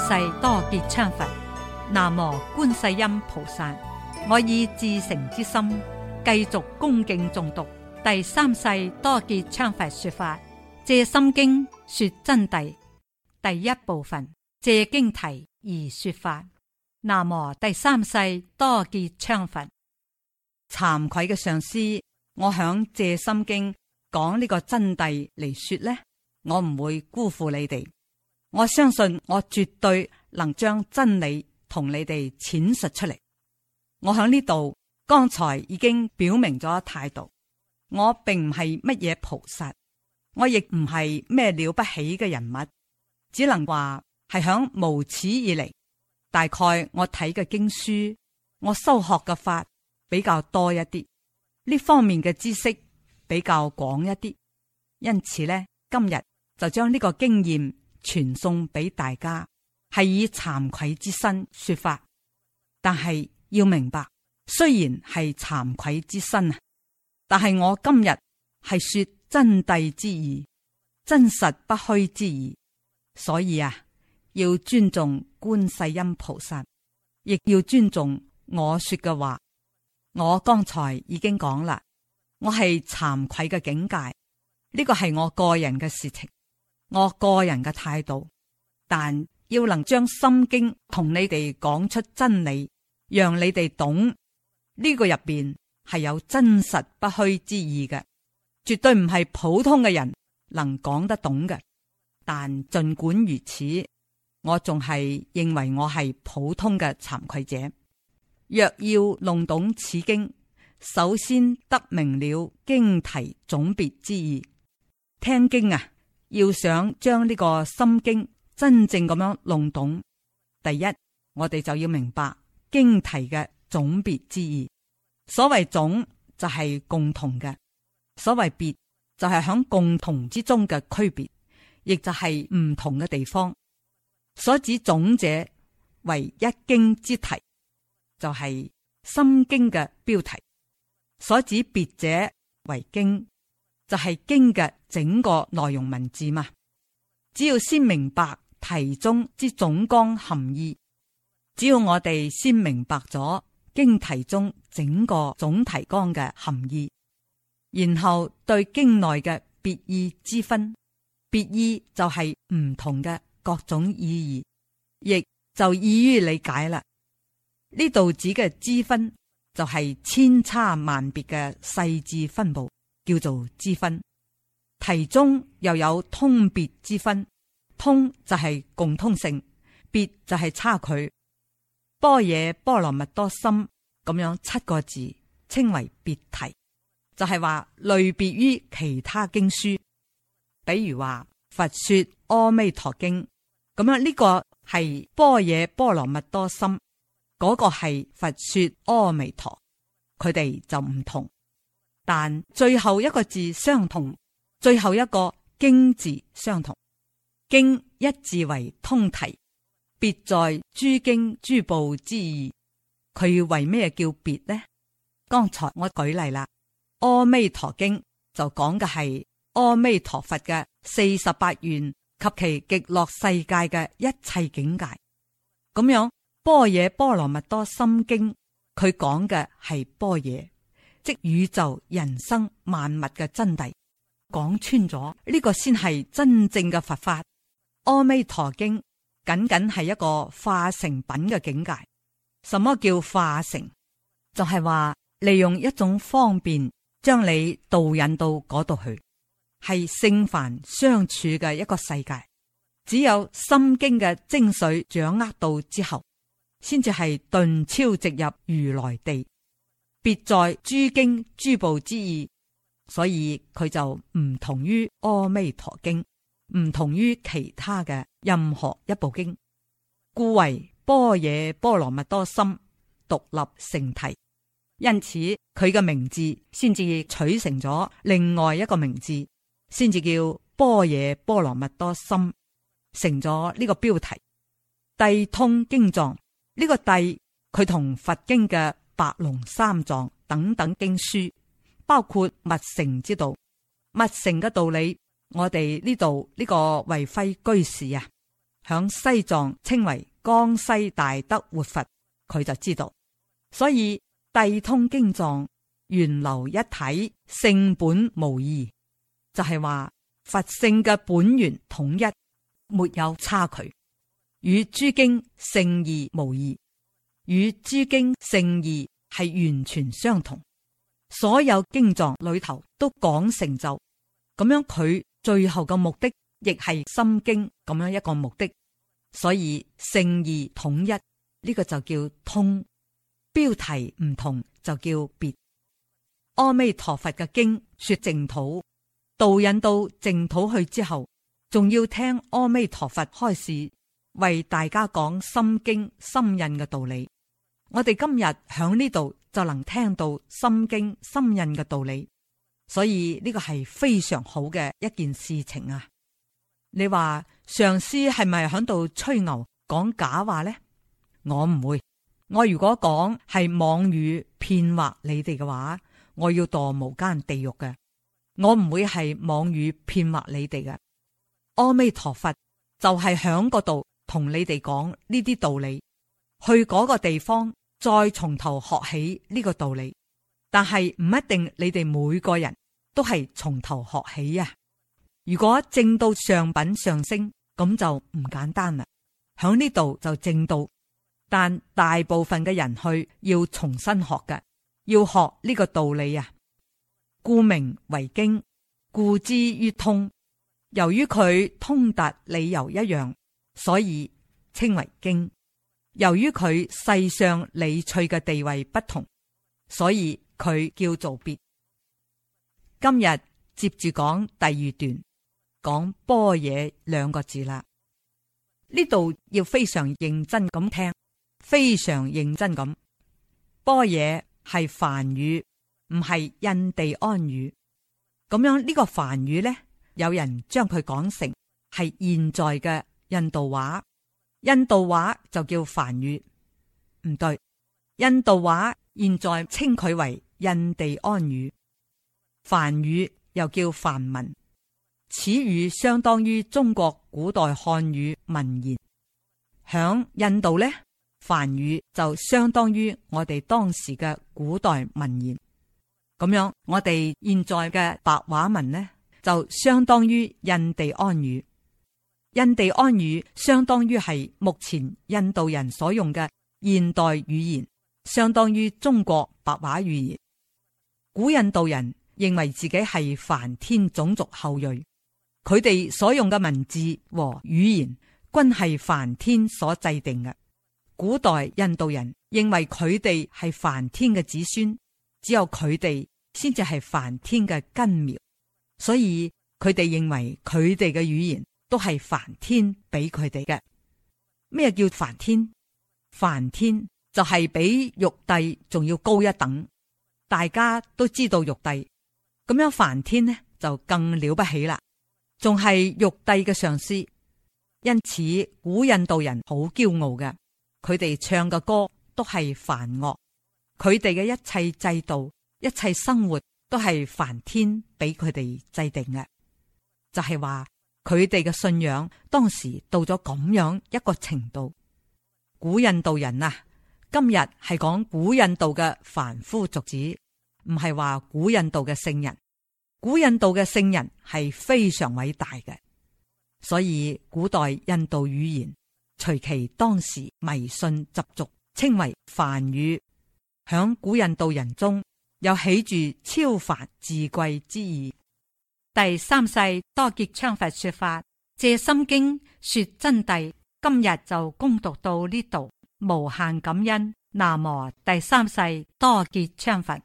世多杰羌佛，南無觀世音菩薩。我以至誠之心，繼續恭敬誦讀第三世多杰羌佛說法《藉心經》說真諦第一部分。藉經題而說法，南無第三世多杰羌佛。慚愧嘅上司，我響《藉心經》講呢個真諦嚟說呢，我唔會辜負你哋。我相信我絕對能將真理同你哋闡述出嚟。我響呢度剛才已經表明咗態度，我並唔係乜嘢菩薩，我亦唔係咩了不起嘅人物，只能話係響無始以嚟。大概我睇嘅經書，我修學嘅法比較多一啲，呢方面嘅知識比較廣一啲，因此咧今日就將呢個經驗。傳送俾大家，係以慚愧之身說法，但係要明白，雖然係慚愧之身啊，但係我今日係說真諦之意，真實不虛之意。所以啊，要尊重觀世音菩薩，亦要尊重我說嘅話。我剛才已經講啦，我係慚愧嘅境界，呢個係我個人嘅事情。我個人嘅態度，但要能將心經同你哋講出真理，讓你哋懂呢、呢個入邊係有真實不虛之意嘅，絕對唔係普通嘅人能講得懂嘅。但盡管如此，我仲係認為我係普通嘅慚愧者。若要弄懂此經，首先得明了經題總別之意，聽經啊！要想將呢個《心經》真正咁樣弄懂，第一，我哋就要明白經題嘅總別之意。所謂總就係共同嘅，所謂別就係喺共同之中嘅區別，亦就係唔同嘅地方。所指總者為一經之題，就係《心經》嘅標題；所指別者為經。就係經嘅整個內容文字嘛，只要先明白題中之總綱含義，只要我哋先明白咗經題中整個總提綱嘅含義，然後對經內嘅別義之分，別義就係唔同嘅各種意義，亦就易於理解啦。呢度指嘅之分就係千差萬別嘅細緻分佈。叫做之分，題中又有通別之分。通就係共通性，別就係差距。般若波羅蜜多心咁樣七個字稱為別題，就係、是、話類別於其他經書。比如話《佛說阿彌陀經》，咁樣呢個係般若波羅蜜多心，嗰、那個係佛說阿彌陀，佢哋就唔同。但最後一個字相同，最後一個經字相同，經一字為通題，別在諸經諸部之意。佢為咩叫別呢？剛才我舉例啦，《阿彌陀經》就講嘅係阿彌陀佛嘅四十八願及其極樂世界嘅一切境界。咁樣，《般若波羅蜜多心經》佢講嘅係般若即宇宙、人生、萬物嘅真諦，講穿咗呢，這個先係真正嘅佛法。阿彌陀經僅僅係一個化成品嘅境界。什麼叫化成？就係、是、話利用一種方便，將你導引到嗰度去，係聖凡相處嘅一個世界。只有心經嘅精髓掌握到之後，先至係頓超直入如來地。別在諸經諸部之意，所以佢就唔同於阿彌陀經，唔同於其他嘅任何一部經，故為般若波羅蜜多心獨立成題。因此佢嘅名字先至取成咗另外一個名字，先至叫般若波羅蜜多心，成咗呢個標題。帝通經藏，呢個帝，佢同佛經嘅。白龍三藏等等經書，包括密乘之道，密乘嘅道理，我哋呢度呢個慧輝居士啊，響西藏稱為江西大德活佛，佢就知道，所以帝通經藏源流一體，性本無異，就係、是、話佛性嘅本源統一，沒有差距，與諸經聖義無異，與諸經聖義。性義係完全相同，所有經藏裏頭都講成就，咁樣佢最後嘅目的亦係心經咁樣一個目的，所以聖義統一呢個就叫通，標題唔同就叫別。阿彌陀佛嘅經說淨土，導引到淨土去之後，仲要聽阿彌陀佛開示為大家講心經心印嘅道理。我哋今日喺呢度就能聽到心經心印嘅道理，所以呢個係非常好嘅一件事情啊！你話上師係咪喺度吹牛講假話呢？我唔會，我如果講係妄語騙惑你哋嘅話，我要墮無間地獄嘅。我唔會係妄語騙惑你哋嘅。阿彌陀佛，就係響嗰度同你哋講呢啲道理，去嗰個地方，再從頭學起呢個道理，但係唔一定你哋每個人都係從頭學起啊！如果正到上品上升，咁就唔簡單啦。喺呢度就正到，但大部分嘅人去要重新學嘅，要學呢個道理啊。故名為經，故之於通，由於佢通達理由一樣，所以稱為經。由於佢世上理趣嘅地位不同，所以佢叫做別。今日接住講第二段，講般若兩個字啦。呢度要非常認真咁聽，非常認真咁。般若係梵語，唔係印地安語。咁樣這個繁呢個梵語咧，有人將佢講成係現在嘅印度話。印度話就叫梵語，唔對，印度話現在稱佢為印地安語。梵語又叫梵文，此語相當於中國古代漢語文言。響印度呢，梵語就相當於我哋當時嘅古代文言。咁樣，我哋現在嘅白話文呢，就相當於印地安語。印地安語相當於係目前印度人所用嘅現代語言，相當於中國白話語言。古印度人認為自己係梵天種族後裔，佢哋所用嘅文字和語言均係梵天所制定嘅。古代印度人認為佢哋係梵天嘅子孫，只有佢哋先至係梵天嘅根苗，所以佢哋認為佢哋嘅語言。都係梵天俾佢哋嘅。咩叫梵天？梵天就係比玉帝仲要高一等。大家都知道玉帝咁樣，梵天呢就更了不起啦，仲係玉帝嘅上司。因此，古印度人好驕傲嘅，佢哋唱嘅歌都係梵樂，佢哋嘅一切制度、一切生活都係梵天俾佢哋制定嘅，就係、是、話。佢哋嘅信仰當時到咗咁樣一個程度，古印度人啊，今日係講古印度嘅凡夫俗子，唔係話古印度嘅聖人。古印度嘅聖人係非常偉大嘅，所以古代印度語言隨其當時迷信習俗，稱為梵語。響古印度人中，有起住超凡自貴之意。第三世多杰羌佛說法《藉心經》說真諦，今日就恭讀到呢度，無限感恩。南無第三世多杰羌佛。